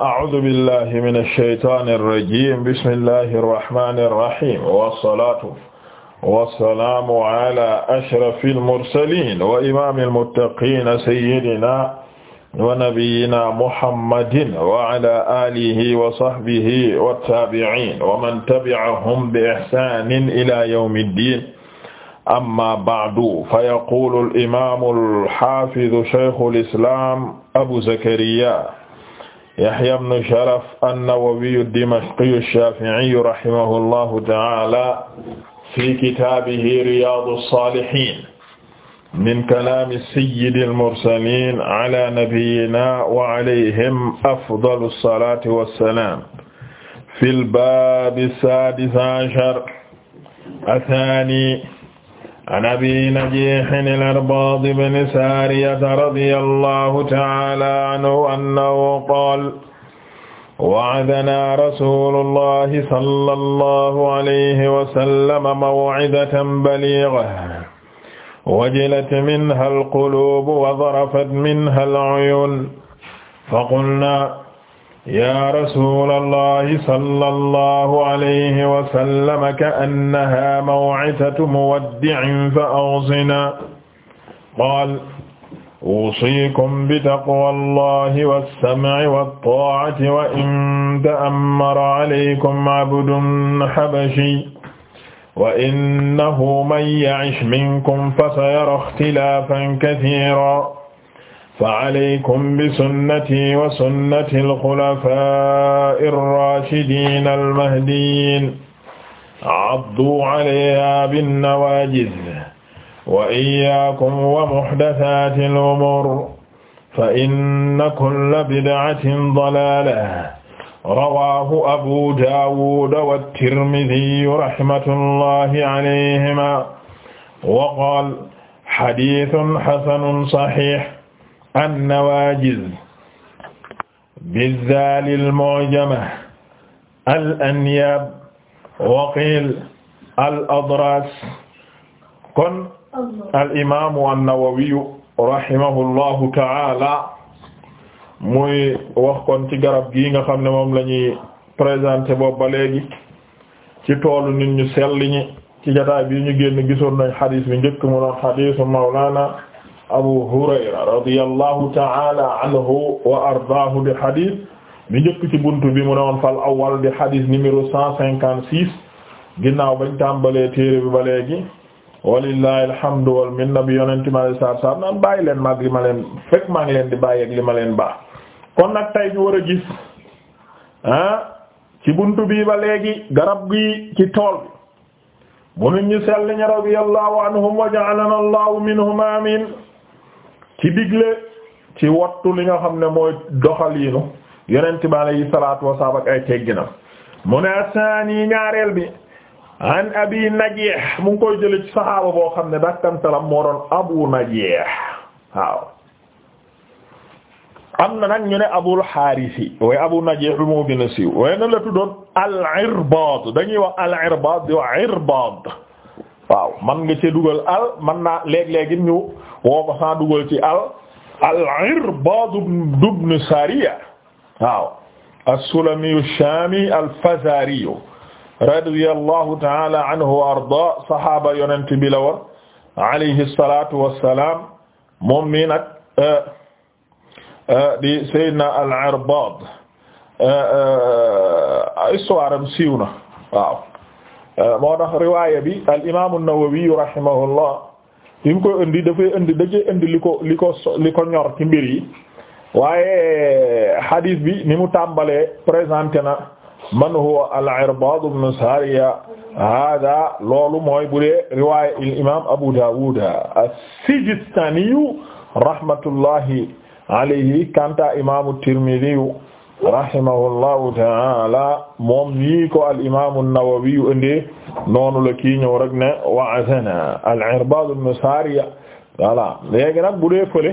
أعوذ بالله من الشيطان الرجيم بسم الله الرحمن الرحيم والصلاة والسلام على أشرف المرسلين وإمام المتقين سيدنا ونبينا محمد وعلى آله وصحبه والتابعين ومن تبعهم بإحسان إلى يوم الدين أما بعد فيقول الإمام الحافظ شيخ الإسلام أبو زكريا Yahya ibn Sharaf an-Nawawi ad-Dimashqi ash-Shafi'i rahimahullahu ta'ala fi kitaabihi Riyaadu as-Saalihiin min kalaami sayyidi al-mursaliin ala nabiyyinaa wa alayhim afdalu as-salaati was-salaam fil baabi as-saadis ashar ath-thaani an abi najihin al-Arbaad ibn Saariyata radiyallahu ta'aala anhu annahu qaala wa'adanaa rasuulullahi sallallahu alayhi wa sallam maw'idatan baliighatan wajilat minhaa al-quluubu wa zarafat minhaa al-'uyuun faqulnaa yaa rasulallahi sallallahu alayhi wa sallam ka'annaha maw'izatu muwaddi'in fa aghsinaa qaala uusiikum bitaqwallahi was-sam'i wat-taa'ati wa in ta'ammara alaykum 'abdun habashiyyun wa innahu man ya'ish minkum fasayara ikhtilaafan kathiiran فعليكم بسنتي وسنة الخلفاء الراشدين المهديين عضوا عليها بالنواجذ وإياكم ومحدثات الأمور فإن كل بدعة ضلالة رواه أبو داود والترمذي رحمة الله عليهما وقال حديث حسن صحيح annawaajiz bizzaalil mu'jama al anyaab waqil al adras kon al imaamu annawawiyu rahimahullahu ta'ala muy wax kon ci garab gii nga xam ne moom la ñuy présenté boobu ba léegi ci toolu nit ñu sell ñi ci jotaay bii ñu génn gisoon nañ xadis bi njëkk mu doon xadisu mawlaana Abu Hurayra radiyallahu ta'ala anhu wa ardaahu bi hadith bi njëkk ci buntu bi mu ne woon fal awwal di hadith numéro cent cinquante six ginnaaw bañ tàmbalee téere bi ba léegi walillahi alhamdu wal minna bi yonenti ma leen saar saar naan bàyyi leen maag li ma leen fekk maa ngi leen di bàyyi ak li ma leen baax kon nag tey ñu war a gis ah ci buntu bii ba léegi garab gi ci tool mu nit ñu sell ñi anhum wa ja'alana allahu minhum amin ci digle ci wattu li nga xam ne mooy doxaliinu yonent bi yi talaat wasalaam ak ay tegginam mu ne asaani ñaareel bi an abi najeex mu ngi koy jële ci saxaaba boo xam ne dakkantalam moo doon abu najeex waaw am na nag ñu ne abul xaarisi way abu najeex bi moo gën a siiw way na la tuddoon al irbaad dañuy wax al irbaad di wax irbaad waaw man nga ci dugal al man naa léeg-léegi ñu boo ko saa dugal ci al al-Irbaad ibn Sariya waaw as-Sulami ash-Shami al-Fazari radiyallahu ta'ala anhu wa ardaa saxaaba yonent bi la woon alayhi salaatu wa salaam moom mi nag eh, eh, di Seydina al-Irbaad eh, histoire am siiw na waaw moo tax riwaaya bi al-Imaam an-Nawawi rahimahullah bi mu koy indi dafay indi dajee indi li ko li ko li ko ñor ci mbir yi waaye hadith bi ni mu tàmbalee présenté na man huwa al-Irbaad ibn Sariya hada loolu mooy bu dee riwaaya al-imaam Abu Daawud as-Sijistaaniyu rahmatullahi alayhi kanta imaamu Tirmidhi rahimahullahu taala moom nii ko al imaamu an-Nawawi indee noonu la kii ñëw rek ne wa'azana al-Irbaad ibn Saariya voilà léegi nag bu dee fële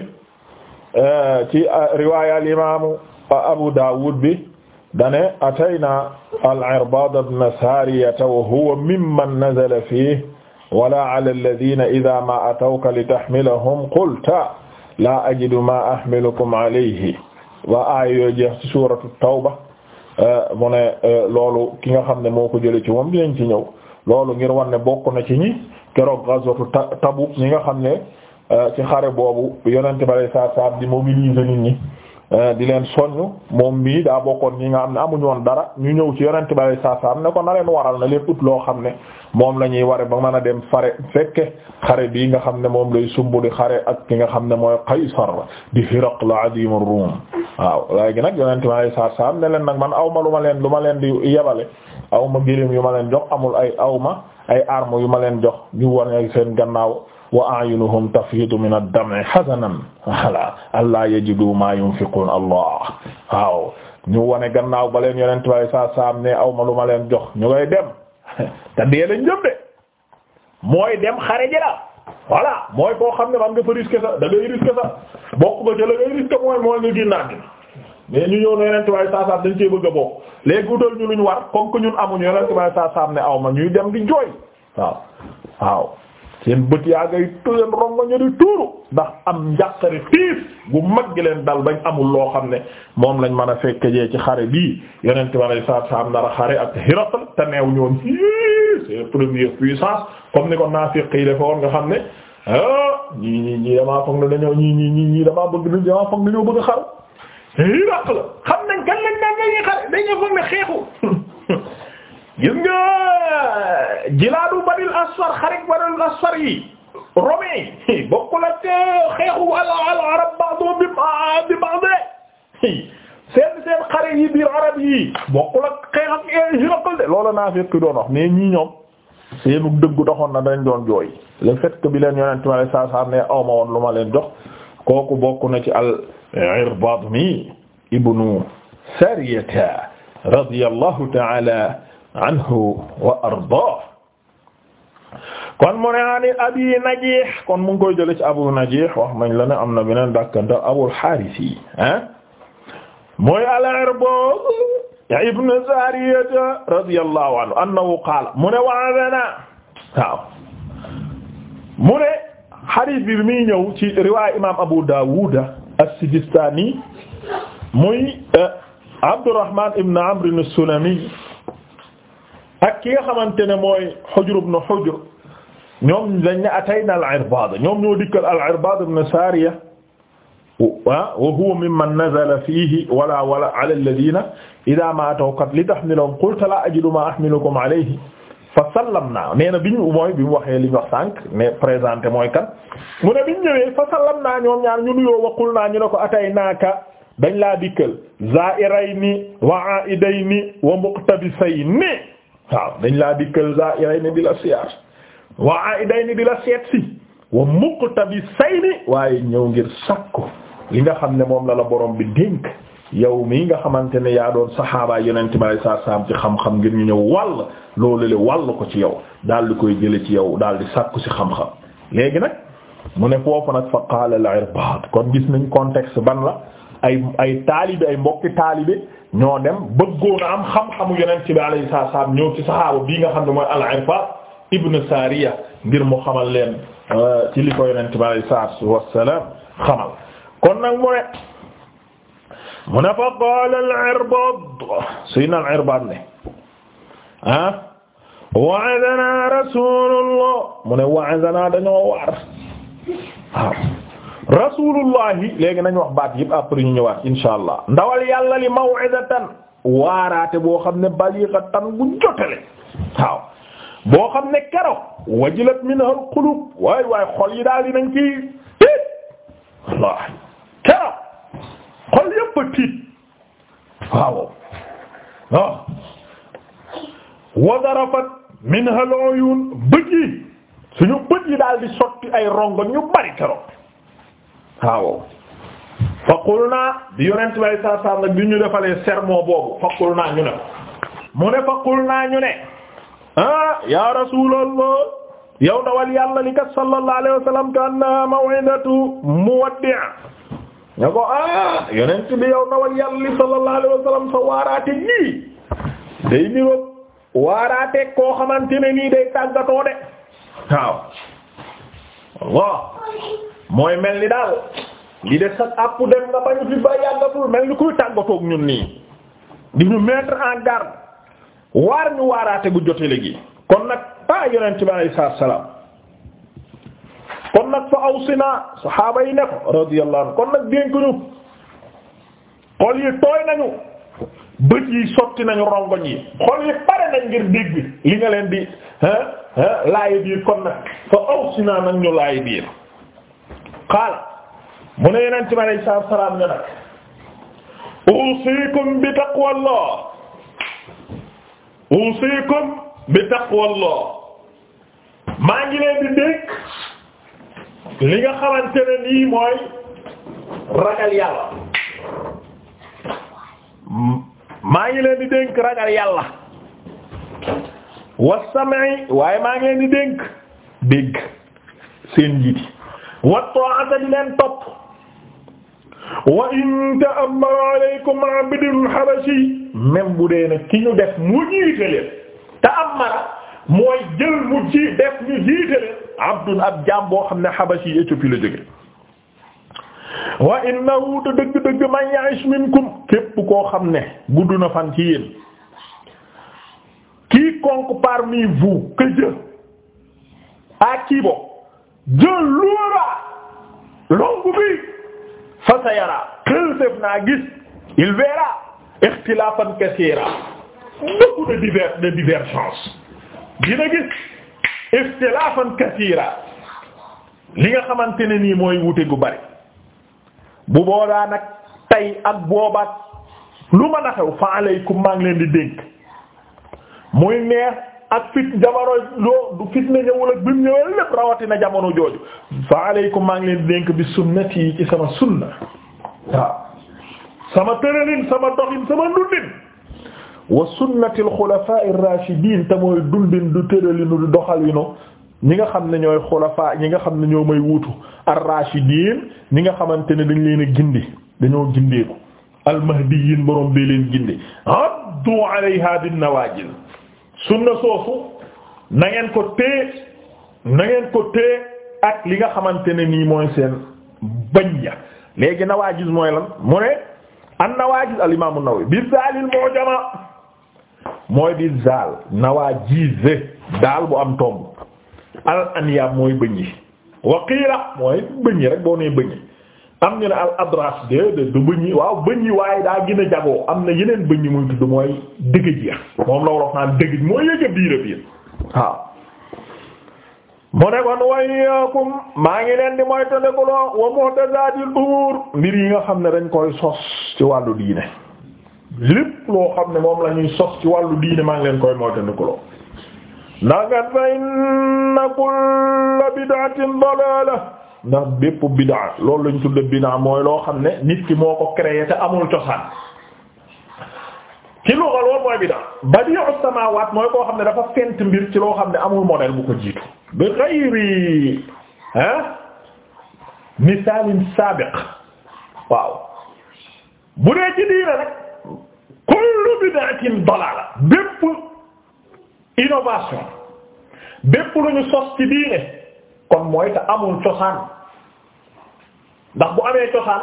euh, ci euh, riwaaya al imaamu Abu Daawud bi dane atayna al-Irbaad ibn Saariya wa huwa mimman nazala fiihi wala ala alladhiina idhaa maa atawka litahmilahum qulta laa ajidu maa ahmilukum alayhi waa aaya yooyu jeex ci suuratu tawba euh, mu ne euh, loolu ki nga xam ne moo ko jële ci moom dinañ ci ñëw loolu ngir wan ne bokk na ci ñi keroog ghazwatu tabu ñi nga xam ne euh, ci xare boobu yonente ba lay saab saab di mobiliser nit ñi Eh, di leen soññ moom mii daa bokkoon ñi nga xam ne amuñu woon dara ñu ñëw ci yonent bi saa saa ne ko na leen waral na leen ut loo xam ne moom la ñuy ware ba mën a dem fare fekke xare bii nga xam ne moom lay sumb di xare ak ki nga xam ne mooy Qaysar di Hiraql adim ar-Rum waaw léegi nag yonent bi saa saa ne leen nag man aw ma lu ma leen lu ma leen di yebale aw ma gëléem yu ma leen jox amul ay aw ma ay armes yu ma leen jox ñu wane seen gannaaw. wa a'yunuhum tafiidu min ad-dam'i hazanan ala allaa yajidu maa yunfiquun allah waaw ñu wone gannaaw ba leen yonent bi saa saam ne aw ma lu ma leen jox ñu ngay dem te dee lañ de mooy dem xare ji xam ne man nga fa risque jël ngay risque mooy mooy ñu ñëw ne yonent a bokk léegi ñu luñ war comme ñun amuñu yonent bi saam ne aw ma ñuy dem di jooy waaw waaw. seen bët yaa ngay seen rongoño di tuuru ndax am njàqare tiis gu mag gi leen dal bañ amul loo xam ne moom lañ mën a fekk jee ci xare bii yonent ma lay saab saab nar a xare ak Hiraql te neew ñoom yii c'est première puissance comme ni ko naafiq yi defe woon nga xam ne ah, ñii ñii ñii damaa foog ne dañoo ñii ñii ñii damaa bëgg dañoo damaa foog ne dañoo bëgg a xaru la xam nañ kan lañ daan dañuy xare dañoo foog ne xeexu gis nga asfar xarit badalul asfar yi romain yi bokkul ak xeexu al al arab ba'du bi ba'du seen seen xare yi biir arab yi bokkul ak xeex ak Hiraql de loolu naa fekk doon wax mais ñii ñoom seenu dëggu taxoon na dañ doon jooy le fait que bi leen yonent ma lay saa saa ne aw ma woon lu ma leen jox kooku bokk na ci al Irbaad mi ibnu Sariyata radiyallahu ta'ala anhu wa ardaah kon mu ne abi najih kon mu ngi koy jële ci abu najih wax mañ la am na beneen dàkkanta abul xaaris yi ah mooy al-Irbad ibn Sariyata radiyallahu anhu annahu mu ne wa'adana waaw mu ne xadiis bi bi muy ñëw ci riwaaya imam Abu Dawud as-Sijistani muy eh, Abdurrahman ibn Amr as-Sulami ak ki nga xamante ne mooy Hujr ibn Hujr ñoom dañ ne atayna al-Irbaad ñoom ñoo dikkal al-Irbaad ibn Saariya wa huwa mimman nazala fiihi wala wala ala alladhiina idhaa maa ataw kat li tahmilahum qulta laa ajidu maa ahmilukum alayhi fa sallamnaa nee na bi ñu mooy bi mu waxee li ñu wax sànq mais présenté mooy kan mu ne bi ñu ñëwee fa sallamnaa ñoom ñaar ñu nuyoo wa qulnaa ñu ne ko ataynaaka dañ laa dikkal zaa'irayni wa aaidayni wa muqtabisayni waaw dañ laa dikkal zaa'irayni di la siyaar wa aa'idayni di la seet si wa muqtabisayni waaye ñëw ngir sakku li nga xam ne moom la la borom bi dénk yow mii nga xamante ne yaa doon saxaabaay yonente bi saa salaam ci xam-xam ngir ñu ñëw wàll loolu le wàll ko ci yow daal di koy jële ci yow daal di sàkku ci xam-xam léegi nag mu ne foofu nag fa qaala al ban la ay ay ay mbokki taalibe ñoo dem bëggoon a am xam-xamu yonent bi alayhi salaam ñëw ci saxaaba bii nga xam ne mooy al-Irbaad ibn Saariya ngir mu xamal leen euh, ci li ko yonent bi alayhi salaatu wassalaam xamal kon nag mu ne mu ne fa qaala al-Irbaad sayyidina al-Irbaad ne ah wa'adanaa rasuulullah mu ne wa'adanaa dañoo waar waaw rasulullahi léegi nañu wax baat yëpp après ñu ñëwaat insha allah ndawal yàlla li maw'izatan waaraate boo xam ne balighatan bu jotale waaw boo xam ne keroog wajilat minha al-qulub waay waay xol yi daal di nañ ciy tiit wallaahi xol yëpp tiit waaw waaw wa darafat al-uyun bët yi suñu bët yi daal di sotti ay rongo ñu bari keroog waaw fa qulna bi yonent bay saa bi ñu defalee sermon boobu fa na ñu ne mu ne fa qulna ñu ne ah ya rasulallah yow dawal yàlla li kat sallallahu alayhi wa sallam ka anna maw'idatu muwaddi' nga ko ah yonent bi yow dawal yàlla li sallallahu alayhi wa sallam sa waaraate nii day waaraate koo xamante ne nii day tàggatoo de waaw Allah mooy mel ni daal li de sax àpp dem nga bañu fi ba yàggatul mel ni kuy tàggatoog ñun nii di ñu mettre en garde waar ñu waaraate bu jotee léegi kon nag ah yonent bi alayhi salaatu salaam kon nag fa awsinaa saxaaba yi ne ko radiyallahu kon nag dénk ñu xol yi tooy nañu bët yi sotti nañu rongoñ yi xol yi pare nañ ngir dégg li nga leen di ah ah laay biir kon nag fa awsinaa nag ñu laay biir. qaala mu ne yonent bi alayhi salaatu wa salaam ne nag usiikum bi taqwallah usiikum bi taqwallah maa ngi leen di dénk li nga xamante ne nii mooy ragal yàlla maa ngi leen di dénk ragal yàlla wa sam'i waaye maa ngi di dénk dégg seen wa ta'ata di leen topp alaykum abdun habashi même bu dee ne ki ñu def mu jiite leen ta'ammara mooy jël mu ji def ñu jiite abdun ab jaam boo xam ne habashi Éthiopie la jóge wa innahu dëgg-dëgg man ya'ish minkum képp koo xam ne gudd na fan ci yéen quiconque parmi vous que je jël luura longu bi fa sa yara xel naa gis il verra ixtilaafan kasiira beaucoup de divers de divergence dina gis ixtilaafan kasiira li nga xamante ne nii mooy wute gu bari bu boobaa nag tey ak boobaat lu mën a xew fa aleykum maa ngi leen di dénk muy neex ak fit jamono loo du fitna ñëwul ak bi ñëwee lépp rawatina jamono jooju fa aleykum maa ngi leen dénk bi sunnati yi ci sama sunna waaw sama tëralin sama doxin sama dundin wa sunnati al-xulafaa ar-raashidiin te mooy dundin du tëralinu du doxalinu ñi nga xam ne ñooy xulafaa ñi nga xam ne ñoo may wuutu ar-raashidiin ñi nga xamante ne dañ leen gindi dañoo gindeeku al-mahdiyiin borom bee leen gindi addu alayha bin nawaajil sunna soosu na ngeen ko téye na ngeen ko téye ak li nga xamante ne nii mooy seen bëñ ya léegi nawaajis mooy lan mu ne an nawaajis al imaamu Nawawi bi zaalil mu'jama mooy bi zaal nawaajis daal bu am tomb al anyaab mooy bëñ yi wa qiila mooy bëñ yi rek boo nee bëñ yi am ñu ne al adras de du bëñ yi waaw bëñ yi waaye daa gën a jagoo am na yeneen bëñ yi muy tudd mooy dëgëj ya moom la wolof naan dëgëj mooy yëg a biir a waaw mu ne kon wayyakum maa ngi leen di mooy tëndekuloo wa muhtazatil umur mbir yi nga xam ne dañ koy sos ci wàllu diine lépp loo xam ne moom la ñuy sos ci wàllu diine maa ngi leen koy mooy tëndekuloo ndax kat fa inna kulla bid'atin dalalah ndax bépp bidaa loolu lañ tudde bidaa mooy loo xam ne nit ki moo ko créé te amul cosaan ci luga loolu mooy bidaa badi'u samaawaat mooy koo xam ne dafa fent mbir ci loo xam ne amul modèle bu ko jiitu bi ghayri ah misaalin saabiq waaw bu dee ci diina rek kullu bid'atin dalaala bépp innovation bépp lu ñu sos ci diine kon mooy te cosaan ndax bu amee cosaan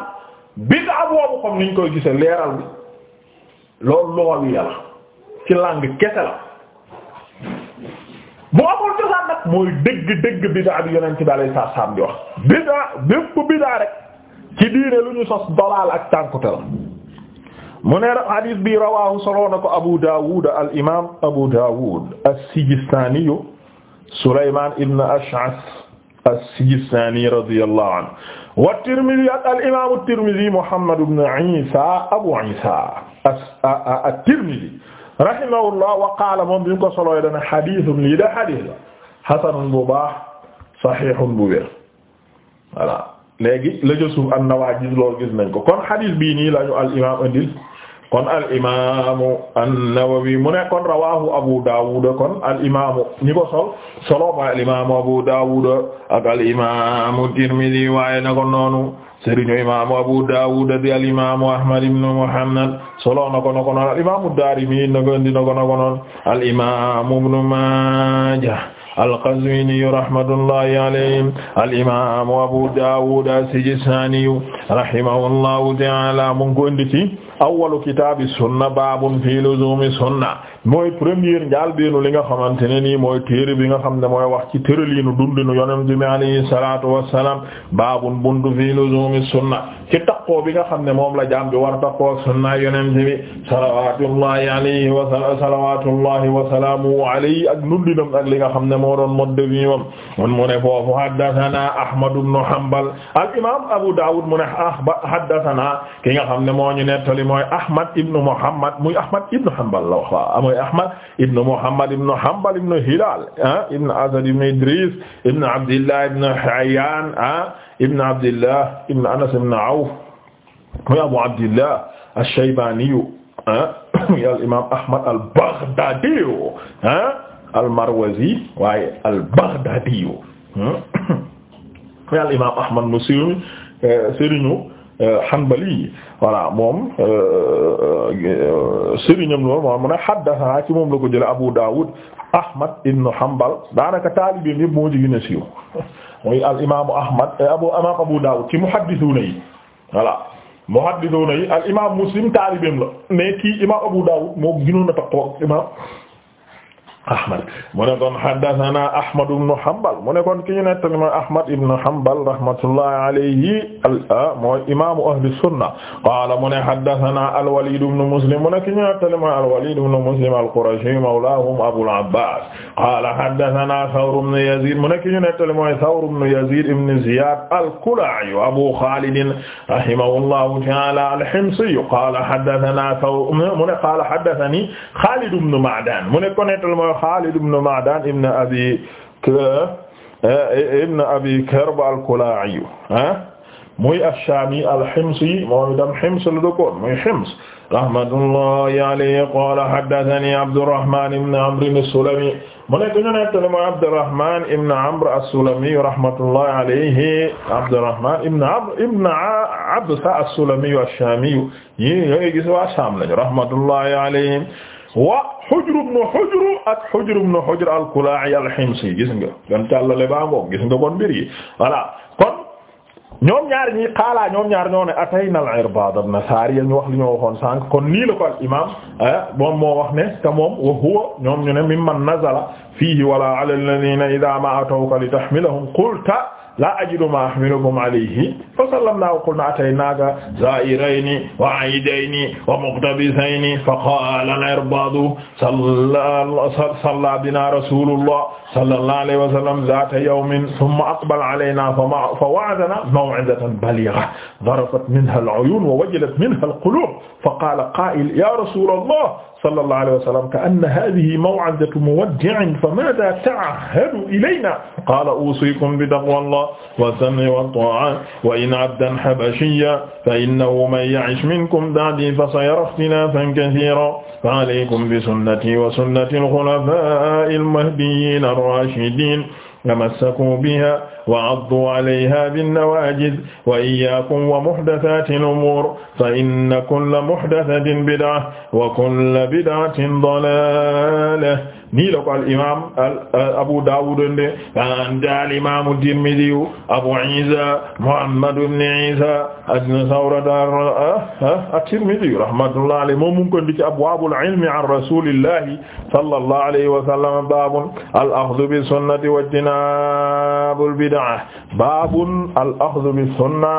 bid'a boobu comme niñ koy gise leeral bi loolu lugawi la ci langue kese la bu amul cosaan nag mooy dëgg dëgg bid'a bi yonent bi alayhi salaam di wax bid'a bépp bid'a rek ci diine lu ñu sos dolaal ak tànkute la mu ne hadith bi rawahu soloo na Abu Dawud al imam Abu Dawud as-Sijistani Sulayman ibn Ash'ath as-Sijistaani radiyallahu anhu wa Tirmidhi ak al imaam at-Tirmidhi Muhammad ibn Isa Abu Isa at-Tirmidhi rahimahullah wa qaala moom bi ñu ko solooy dana xadiisun lii da xadiis la xasanun bu baax saxiixun bu wér voilà léegi la jësu an-Nawaajiz loolu gis nañ ko kon xadiis bii nii lañu al imaam indil kon al imaamu an-Nawawi mu ne kon rawaahu Abu Daawuda kon al imaamu ñi ko sol solo ba al imaamu Abu Daawuda ak al imaamu Tirmidi waaye na ko noonu sëriñu imaamu Abu Daawuda di al imaamu Ahmad ibn Muhammad solo na ko na ko noonu al imaamu Daarimi na ko indi na ko na ko noonu al imaamu Ibnu Maaja al-Qazwini rahmatullahi alayhim al imaamu Abu Daawuda as-Sijistaani rahimahullahu ta'aala mu ngi ko indi ci awwalu kitaabi sunna baabun fii luzuumi sunna mooy première njaal beenu li nga xamante ne nii mooy téere bi nga xam ne mooy wax ci tëraliinu dundinu yonent bi alayhi salaatu wassalaam baabun buntu fii luzuumi sunna ci taqoo bi nga xam ne moom la jaam bi war taqoo ak sunna yonent bi salawaatullahi alayhi wa salawaatullahi wa salaamuhu alayhi ak dundinam ak li nga xam ne moo doon mode de vie moom mun mu ne foofu haddasanaa Ahmad ibn Hanbal al imaam Abu Daawud mu ne ah, haddasanaa ki nga xam ne moo ñu nettali mooy Ahmad ibn Muhammad muy Ahmad ibn Hanbal la wax waaw mooy Ahmad ibn Muhammad ibn Hanbal ibn Hilal ah ibn Asad ibn Idris ibn Abdillah ibn Hayyan ah ibn Abdillah ibn Anas ibn Awf muy Abu Abdillah ash-Shaybani ah muy al-imam Ahmad al-Baghdadi ah al-Marwazi waaye al-Baghdadi muy al-imam Ahmad mu siiw mi eh, sëriñu Euh, Hanbali voilà moom euh, euh, sëriñam loolu moom mu ne haddathana ci moom la ko jële Abu Dawud Ahmad ibn Hanbal daanaka taalibeem yëpp moo ci gën a siiw mooy al imaamu Ahmad eh, abu Abu Dawud ci muhaddisuuna yi voilà muhaddisuuna yi al imaam Muslim taalibeem la mais kii imaam Abu Dawud moo gënoon a toog imaam Ahmad mu ne kon haddathana Ahmad ibn Hanbal mu ne kon ki ñu nettali mooy Ahmad ibn Hanbal rahmatullahi alayhi mooy imaamu ahli sunna qaala mu ne haddathana al-Walid ibn Muslim mu ne ki ñu nettali mooy al-Walid ibn Muslim al-Qurashi mawlaahum Abul Abbas qaala haddathana Thawr ibn Yazid mu ne ki ñu nettali mooy Thawr ibn Yazid ibn Ziyad al-Kala'i Abu Khalid rahimahullahu ta'ala al-Himsi qaala haddathana Thawr mu ne qaala haddathani Khalid ibn Ma'dan mu ne ko nettali Xaalid ibn Ma'daan ibn Abi eh, ibn Abi Karb al-Kalaa'i eh, muy ash-Shaami al-Himsi moom itam Hims la dëkkoon muy Hims rahmatullahi alayhi qaala haddathanii Abdurrahmaan ibn Amr as-Sulami mu nekk ñu nettali mooy Abdurrahmaan ibn Amr as-Sulami rahmatullahi alayhi Abdurrahmaan ibn Amr ibn Absa as-Sulami ash-Shaami yi nga gis waa Shaam lañu rahmatullahi alayhim wa Hujr ibn Hujr ak Hujr ibn Hujr al-Kalaa'i al-Himsi gis nga kon càllale baa ngoog gis nga kon mbir yi voilà kon ñoom ñaar ñi xaalaa ñoom ñaar ñoo ne atayna al-Irbaad ibn Saariya ñu wax li ñoo waxoon sànq kon nii la ko al imaam eh, moom moo wax ne te moom wa huwa ñoom ñu ne mimman nazala fiihi wala ala alladhiina idhaa maa atawka li tahmilahum qulta la ajidu ma ahmilukum alayhi fa sallamna wa qulna ataynaka za'irayni wa aidayni wa muqtabisayni fa qala al-irbadu salla bina rasulullah sallallahu alayhi wa sallam zata yawmin thumma aqbala alayna fa wa'adana maw'izatan baligha darafat minha al-uyun wa wajilat minha al-qulub fa qala qa'il ya rasulallah sallallahu alayhi wa sallam ka'anna hadhihi maw'izatu muwaddi'in famadha ta'ahhadu ilayna qala usikum bi taqwallah والسمع والطاعة وإن عبدا حبشيا فإنه من يعش منكم بعدي فسيرى اختلافا كثيرا فعليكم بسنتي وسنة الخلفاء المهديين الراشدين تمسكوا بها wa addu alayha binnawajiz wa iyyakum wa muhdathati al-umur fa inna kulla muhdathatin bid'a wa kulla bid'atin dalalah nii la ko al imam Abu Dawud nde al imam Tirmidhi Abu Isa Muhammad ibn Isa ibn Sawra at-Tirmidhi ah, ah, rahmatullahi alayhi moom mu ngi ko indi ci abwaabul ilmi an rasulillahi sallallahu alayhi wa sallam baabun al akhdhu bi sunnati wa ijtinaabil bid'a bid'a baabun al axdu bi sunna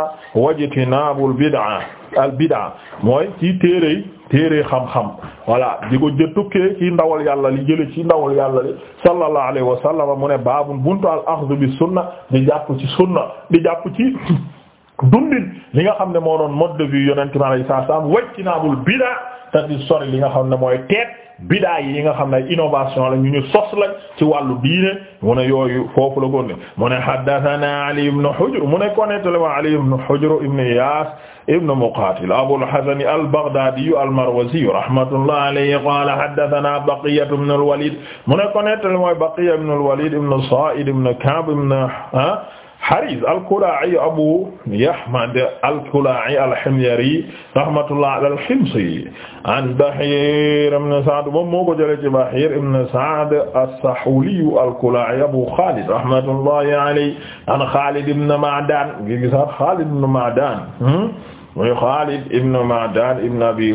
wajtinaabul bid'a al bid'a mooy ci téere téere xam-xam voilà di ko jëtukkee ci ndawal yàlla li jële ci ndawal yàlla li sallallahu alayhi wa sallam mu ne baabun buntu al axdu bi sunna di jàpp ci sunna di jàpp dundin li nga xam ne moo doon mode de vie yonent bi alayhi salaam wajtinaabul bidaa te di sori li nga xam ne mooy teet bidaa yi nga xam ne innovation la ñu ñu sos la ci wàllu diine mu ne yooyu foofu la góor ne mu ne haddathana Ali ibn Hujr mu ne konetale ma Ali ibn Hujr ibn Iyaas ibn Muqaatil Abul Hasan al-Baghdaadi al-Marwazi rahmatullahi alayhi qaala haddathana Baqiyya ibn al-Waliid mu ne konetale mooy Baqiyya ibn al-Waliid ibn Saa'id ibn Ka'b ibn ah, Hariz al-Kalaa'i Abu Yahmad al-Kalaa'i al-Himyari rahmatullah al-Himsi an Bahiir ibn Sa'd moom moo ko jëlee ci Bahiir ibn Sa'd as-Sahuuli al-Kalaa'i Abu Xaalid rahmatullahi alayhi an Xaalid ibn Ma'daan gi gisaat Xaalid ibn Ma'daan hmm? muy Xaalid ibn Ma'daan ibn Abi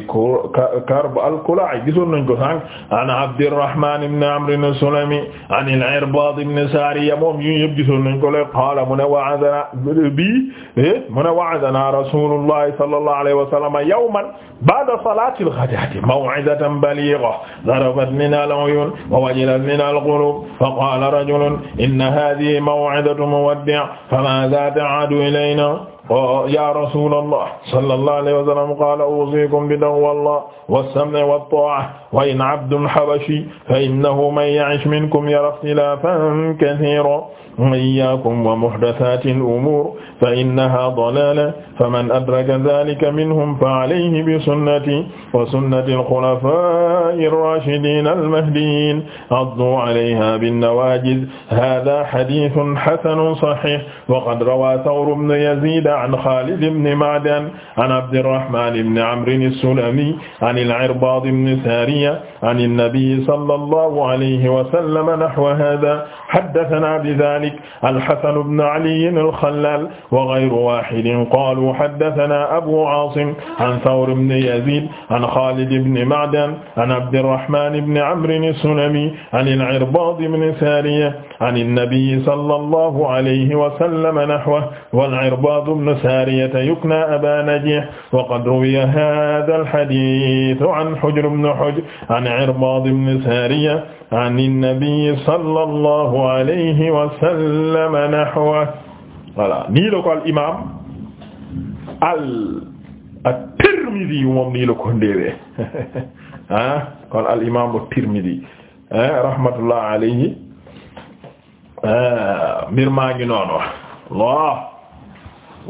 Karb al-Kalaa'i gisoon nañ ko sànq an Abdirrahmaan ibn Amr as-Sulami an al-Irbaad ibn Saariya moom yi yëpp gisoon nañ ko la qaala mu ne wa'adanaa bii eh, mu ne wa'adanaa Rasuulullaahi sallallaahu alayhi wa sallam yawman ba'da salaati al-ghadaati maw'idatan baliighatan dharabat minhaa al-'uyuun wa wajilat minhaa al-quluub faqaala rajulun inna haadhihi maw'idatu muwaddi' famaadaa ta'aadu ilaynaa ya rasulallah sallallahu alayhi wa sallam qala usikum bi taqwallah was-sam'i wat-ta'a wa in 'abdun habashi fa innahu man ya'ish minkum yara ikhtilafan kathiran wa iyyaakum wa muhdathaatil umuur fa innahaa dalaala faman adraka dhaalika minhum fa alayhi bi sunnatii wa sunnatil khulafaa'ir raashidiin al-mahdiyyiin adduu alayhaa bin-nawaajiz haadhaa hadiithun hasanun sahiih wa qad rawaa Thawr ibn Yaziid an Khaalid ibn Ma'dan an Abdirrahmaan ibn Amr as-Sulamii an al-Irbaad ibn Saariya an an-nabiyyi sallallahu alayhi wa sallam nahwa haadhaa haddasanaa bi zaalik al-Hasan ibn Ali al-Xallaal wa ghayru waahidin qaaluu haddasanaa Abuu Aasim an Thawr ibn Yaziid an Xaalid ibn Ma'dan an Abdirrahmaan ibn Amr as-Sulami an al-Irbaad ibn Saariya an an-Nabiyyi sallallahu alayhi wa sallam nahwahu wal-Irbaad ibn Saariya yuknaa Abaa Najiih wa qad ruwiya haazaa al-hadiith an Hujr ibn Hujr an Irbaad ibn Saariya an an-Nabiyyi sallallahu alayhi wa ko al imaam al at-Tirmidhi moom nii ko ndeewee ah kon al imaam at-Tirmidhi ah, rahmatullah alayhi ah, mbir maa ngi noonu waaw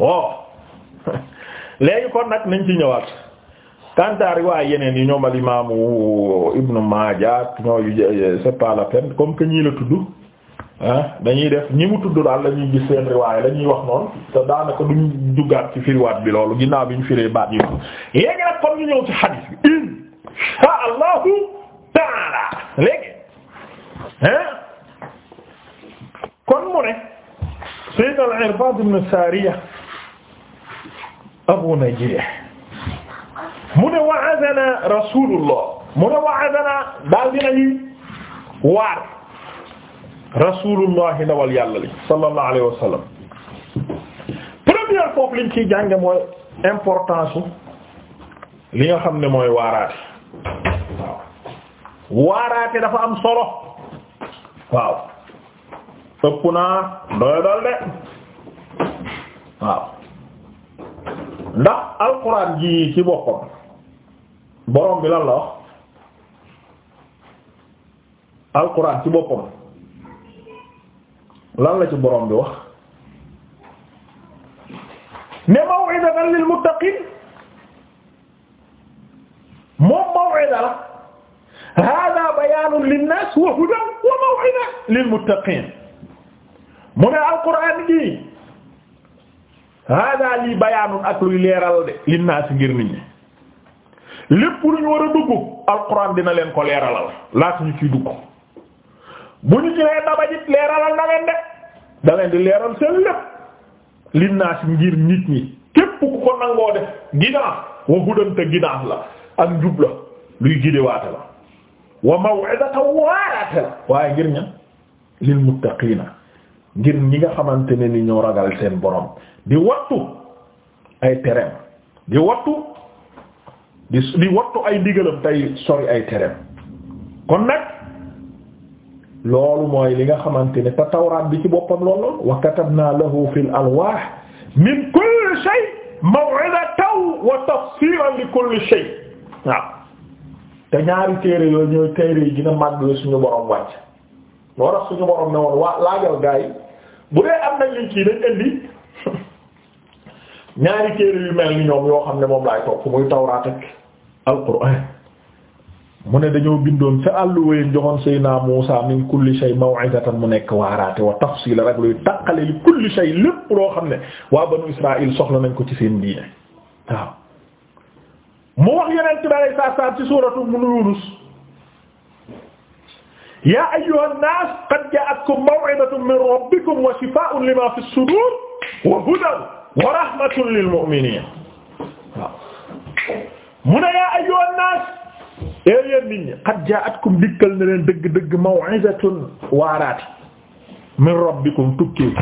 waaw léegi kon nag nañ ci ñëwaat kantaar yi waaye yeneen yi ñoom al imaamu Ibnu Maaja ñooyu c'est pas la peine comme que ñii la tudd dañuy def ñi mu tudd daal lañuy gis seen riwaay lañuy wax noonu te daanaka duñ duggaat ci firiwaat bi loolu ginnaaw bi ñu firee baat yi léegi nag kon ñu ñëw ci xadiis bi insha allahu taala léegi kon mu ne al-Irbaad ibn Saariya Abu Najiih mu ne wa'adana Rasuulullah mu ne wa'adana daal dinañuy waar rasulullahi ndawal yàlla li sallallahu alayhi wa première foofu liñ ciy jànge mooy importance li nga xam ne mooy waaraate waaw waaraate dafa am solo waaw ëpp naa doy dal de waaw ndax alquran ji ci boppam borom bi lan la wax ci boppam lan la ci borom bi wax ne maw'idatan lil muttaqin moom maw'ida la hada bayanun lin nas wa hudan wa maw'ida lil muttaqin mu ne alquran gi hada lii bayaanun ak luy leeral de lin nas ngir nit ñi lépp lu war a dugg alquran dina leen ko leeralal laata ñu ciy dugg bu ñu ci nee dabajit leeralal na leen de da di leeral seen lépp lim si ngir nit ñi képp ku ko nangoo def ginaar wa hudanta ginaar la ak njub la luy gidewaate la wa maw'idata waaraate la waaye ngir ñan lil muttaqiina ngir ñi nga xamante ne ni ñoo ragal seen borom di wattu ay tereem di wattu di di wattu ay ndigalam tey sori ay tereem kon nag loolu mooy li nga xamante ne te tawraat bi ci boppam loolu wa katabna lahu fil alwaah min kulli shay maw'izatan wa tafsilan li kulli shay waaw te ñaari téere yooyu ñooy téere yi gën a màgg suñu borom wàcc moo suñu borom ne woon waa laajal gaa yi bu dee am nañ liñ kii dañ ñaari téere yu mel ni ñoom yoo xam ne moom laay topp muy tawraat ak alquraan mu ne dañoo bindoon ca àll wéyam joxoon Seydina Muusaa min kulli shay maw'izatan mu nekk waaraate wa tafsiila rek luy taqale li kulli shay lépp loo xam ne waa banu Israaïl soxla nañ ko ci seen diine waaw mu wax yeneen tibalee saa saa ci suuratu Yunus yaa ayyuhan naas qad jaa'atkum maw'idatun min rabbikum wa shifaa'un limaa fi suduur wa hudan wa rahmatun lil mu'miniin waaw mu ne yaa ayyuhan naas ee eh, yéen nit ñi qad jaa'atkum dikkal na leen dëgg dëgg maw'izatun waaraati min rabbikum tukkee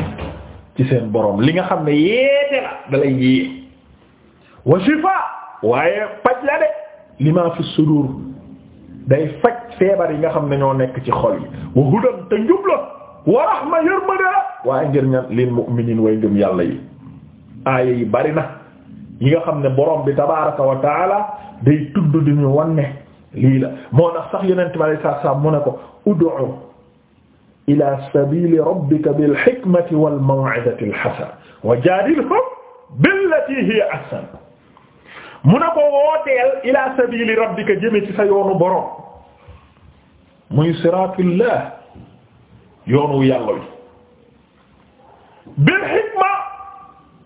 ci seen boroom li nga xam ne yeete la dalay yee wa shifaa waaye faj la de lima fi sudur day faj feebar yi nga xam ne ñoo nekk ci xol yi wa hudan te njubla wa rahma yërmande waaye ngir ñan lil mu'minin way ngëm yàlla yi aaya yi bari na yi nga xam ne boroom bi tabaaraka wa day tudd di ñu wanne lii la moo tax sax yonent bi alayhi salaatu salaam mu ne ko ud'u ila sabili rabbika bil hikmati wal maw'izati al hasana wa jaadilhum billati hiya ahsan mu ne ko wooteel ila sabili rabbika jëme ci sa yoonu borom muy siraatullah yoonu yàlla wi bil hikma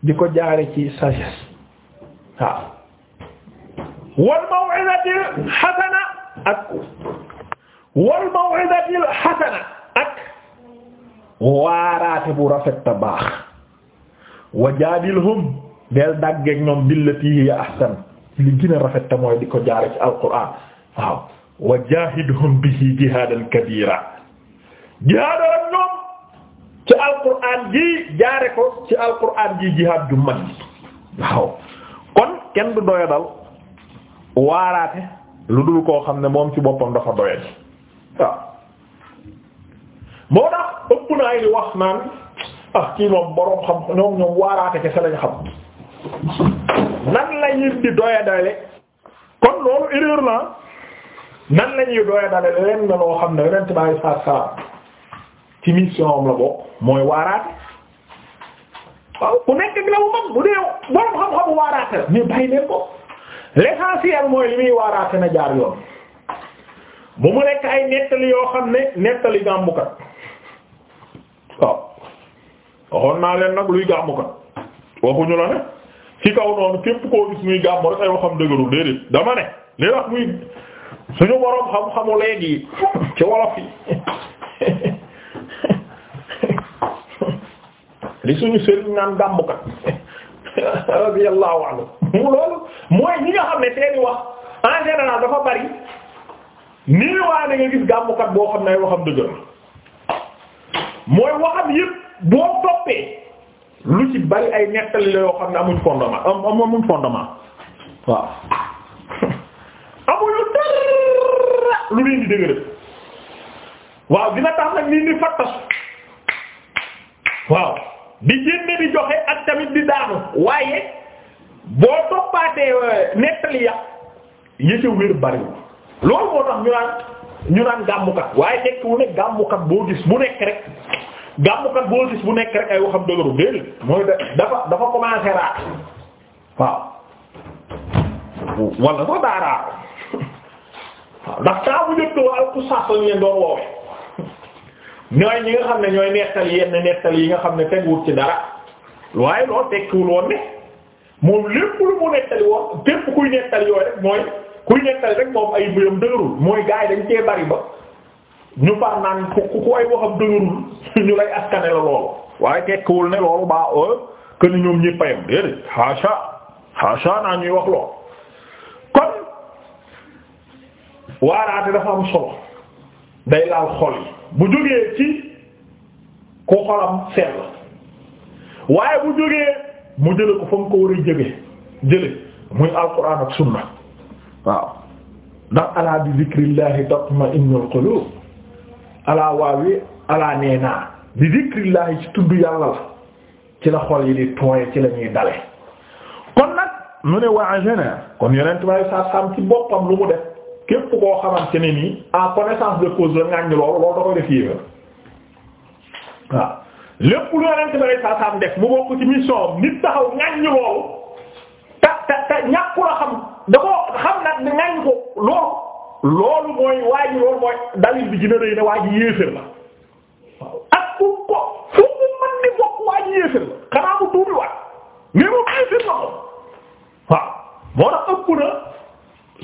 di ko jaare ci sagesse waaw wal maw'izatil hasana ak wal maw'izatil hasana ak waaraate bu rafet ta baax wajaadilhum del daggeek ñoom billati hiya ahsan li gën a mooy di ko jaare ci alquran waaw wajaahidhum bihi jihaadan kabiira jihaad ak ñoom ci alquran ji jaare ko ci alquran ji jihaad ju waaw kon kenn du doya waaraate lu dul koo xam ne moom ci boppam dafa doyal waaw moo tax ëpp na ay wax naan ah kii moom boroom xam ñoom ñoom waaraate kese lañ xam nan la ñuy di doyadale kon loolu erreur la nan la doyadale leen na loo xam ne yonent bi alayhi salaatu ci mission am la bokk mooy waaraate waaw ku nekk bi la mu mag bu dee boroom xam-xamu waaraate la mais bàyyi leen l'essentiel mooy li muy waaraate na jaar yoon bu mu nekk ay nettali yoo xam ne nettali gàmmukat waaw waxoon naa leen nag luy gàmmukat waxuñu la ne ci kaw noonu képp koo gis muy gàmmu rek ay waxam dëgëru déedéet dama ne li tax muy suñu boroom xam-xamu léegi ci wolof yi li suñu sëriñ naan gàmmukat radiyallahu anhu loolu mooy ñi nga xam ne seeni wax en général dafa bari nii waa na nga gis gàmmukat boo xam ne ay waxam dëgg la mooy waxam yépp boo toppee lu ci bari ay nettali la yoo xam ne amuñ fondement am amuñ waaw amuñu dara lu leen di dëgg waaw dina tax nag nii ni fattas waaw di génne di joxe ak tamit di daanu waaye boo toppaatee euh, nettali yàq yëcca wér bariwul loolu moo tax ñu naan ñu naan gàmmukat waaye nekk wu gàmmukat boo gis bu nekk rek gàmmukat boo gis bu nekk rek ay waxam dëgëru déedéet mooy dafa dafa commencé raat waaw wala sax daa raat waaw ndax taa bu jëkk ku sax lañ leen woowe ñooy ñi nga xam ne ñooy nettal yenn nettal yi nga xam ne teguwul ci dara waaye loolu tekkiwul woon ne moom lépp lu mu nettali woon képp kuy nettali yooyu mooy kuy nettali rek moom ay mbiram dëgërul mooy gaay dañ cee bari ba ñu far naan ku ku ay waxam dëgërul ñu lay askane la loolu waaye tekkiwul ne loolu baa euh, que ni ñoom ñëpp a yem déedéet xaasa xaasa naa ñuy wax lool kon waaraate dafa am solo day laal xol yi bu jógee ci ku xolam sell waaye bu jógee. mu jële ko fa nga ko war a jëge jële muy alquran ak sunna waaw ndax alaa bi zikrillahi tatma'innul qulub alaa waawi alaa nee naa bi ci tudd yàlla la ci la xol yi di tooye ci la dale kon nag mu ne waagena kon yonent may sa sam ci boppam lu mu def képp koo xamante ni nii en connaissance de cause la ngàññ loolu loolu da koy def yéefér waaw lépp lu yonent bi alayhi salaam def mu bokk ci mission nit taxaw ŋaññi loolu te te te ñàkku la xam da ko xam nag ne ko loolu loolu mooy waa ji loolu mooy dalil bi gën a rëy ne waa ji yéeféer la waaw ak ku ko fu mu mën ni bokk waa ji yéeféer la xanaa mu tuubi waat mais moom yéeféer la moom waaw moo tax ëpp na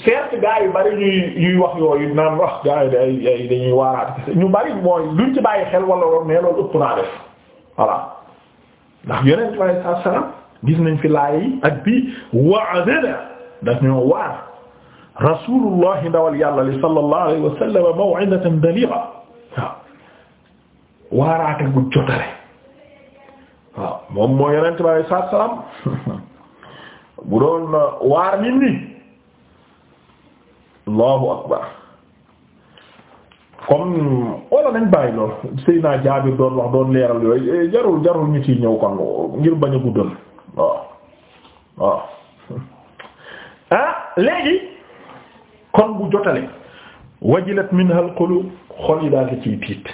certes gaa yu bari ñuy ñuy wax yooyu naan wax gaa yi day dañuy waaraat ñu bari mooy luñ ci bàyyi xel wala loolu mais loolu ëpp voilà ndax yonent bi alayhi salaatu salaam gis nañ fi laay yi ak bi wa'adana daf ñoo waar rasulullah ndawal yàlla li sallallahu alayhi wa sallam maw'idatan baligha waaw waaraate bu jotare waaw moom moo yonent bi alayhi salaatu salaam bu doon waar nit ñi allahu akbar comme wala nañ bàyyi lool naa Jaabir doon wax doon leeral yooyu eh, jarul jarul ñu ciy ñëw kon ngir bañ a guddal waaw waaw ah, léegi kon bu jotale wajilat minha al qulub xol yi daal di ciy tiit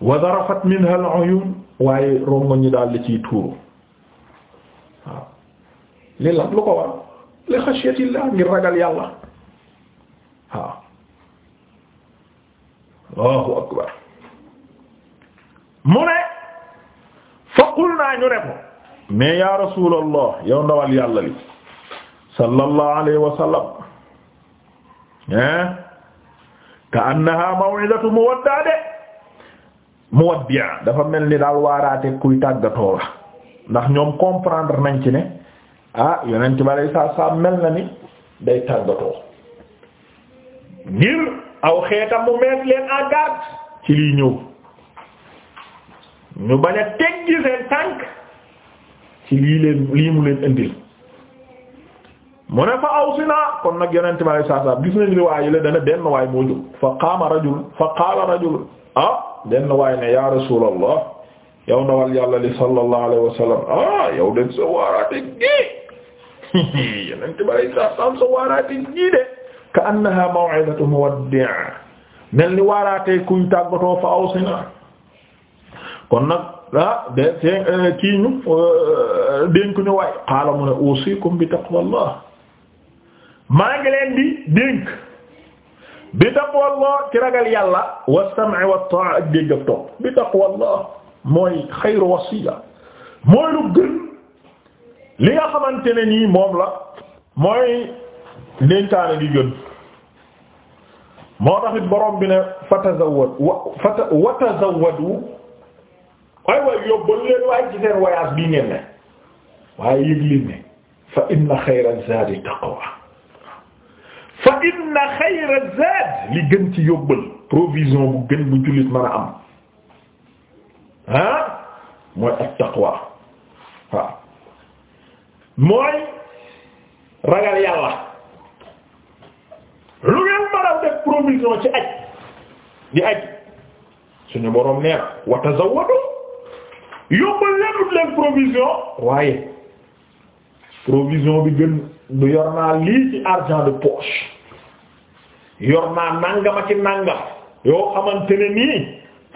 waaw waaw li lan lu ko war li xashiyatillah ngir ragal yàlla Allahu akbar mu ne fa qulnaa ñu ne mais ya rasulallah yow ndawal yàlla li sallallahu alayhi wa sallam ah ka annaha maw'idatu muwadda de muwaddi'a dafa mel ni daal waaraate kuy tàggatoo la ndax ñoom comprendre nañ ci ne ah yonent bi alayhi salaam mel na ni day tàggatoo ngir aw xeetam mu mettre leen en ci liy ñëw ñu bañ a teggi seen tànk ci lii leen lii mu leen indil mu ne fa aw si naa kon nag yonent bi alayhi salaam gis nañu riwaay yi la dana benn waay moo fa qaama rajul fa qaala rajul ah benn waay ne yaa rasuulallah yow ndawal yàlla li sallallahu alayhi wa ah yow den sa waaraate gi yonent bi alayhi salaam sa waaraate gi de ka annaha maw'idatu muwaddi' mel ni waaraatee kuñ tàggatoo fa awsina kon nag ah de eh, kii ñu eh, dénk ñu waay qaala mu ne bi taqwallah maa ngi leen di dénk bi taqwallah ci ragal yàlla wa sam'i wa ta'a ak dégg ak bi taqwallah mooy mooy lu gën li nga xamante ne nii moom la ndénkaane gi gën moo taxit borom bi ne fatazawwad wa fata watazawwadu waay leen waaye ci seen voyage bii ngeen ne waaye yëg leen ne taqwa fa inna xayra zaad li gën ci yóbbal provision bu gën bu jullit mën am ah mooy at taqwa mooy ragal yàlla lu ngeen mën def provision ci aj di aj suñu boroom nee na wa tazawwadu yóbbu leenut leen provision waaye provision bi gën du yor naa lii ci argent de poche yor naa nàngama ci nàngam yoo xamante nii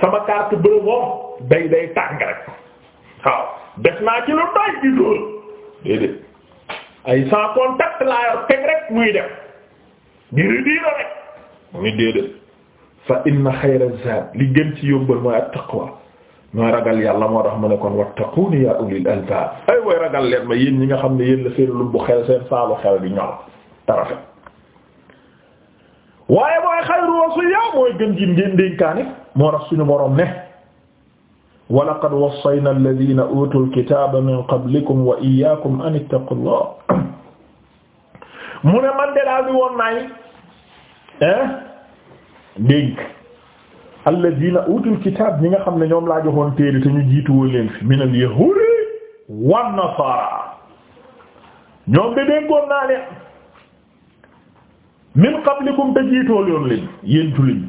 sama carte bleue day day tàng rek waaw def naa ci lu doy di dóor déedéet ay sans contact laa yor teg rek muy def ngir diina rek mu ngi déedéet fa inna xayra zaad li gën ci yóbbal mooy at-taqwa mooy ragal yàlla moo tax mu ne kon wattaquni ya ulil albaab ay way ragal leen ma yéen ñi nga xam ne yéen la seen lubbu xel seen saalu xel bi ñor tarafe waaye mooy xayru wasiya mooy gën ji ngeen dénkaane moo tax suñu boroom ne wa laqad wassayna alladhina utul kitaba min qablikum wa iyyakum an ittaqullah mu ne man de laa bi woon naay dénk alladina utul kitaab ñi nga xam ne ñoom laa joxoon téere te ñu jiitu leen fi min al yahudi wan nasara ñoom de dénkoon naa leen min qablikum te jiitool yoon leen yéen jullit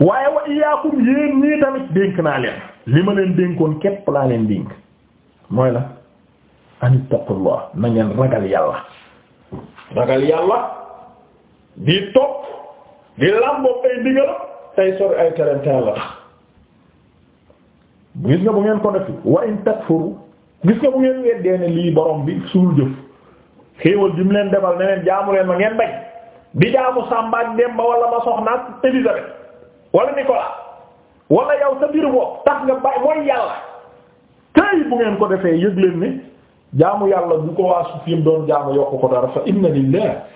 waaye wa iyaakum yéen ñii tamit dénk naa leen li ma leen dénkoon képp laa leen dénk mooy la an taqullah na ngeen ragal yàlla ragal yàlla di topp di làmboo ay ndigal tey sori ay tereem te yàlla tax gis nga bu ngeen ko defi wa in takfuru gis nga bu ngeen weddee ne lii borom bi suul jëf xéewal bi mu leen defal ne leen jaamu leen ma ngeen bañ di jaamu Samba ak Demba wala ma soxnaat Elisabeth wala Nicolas wala yow sa biir bopp tax nga bay mooy yàlla tey bu ngeen ko defee yëg leen ne jaamu yàlla bu ko waa suufiyam doon jaamu yokk ko dara fa inna lillah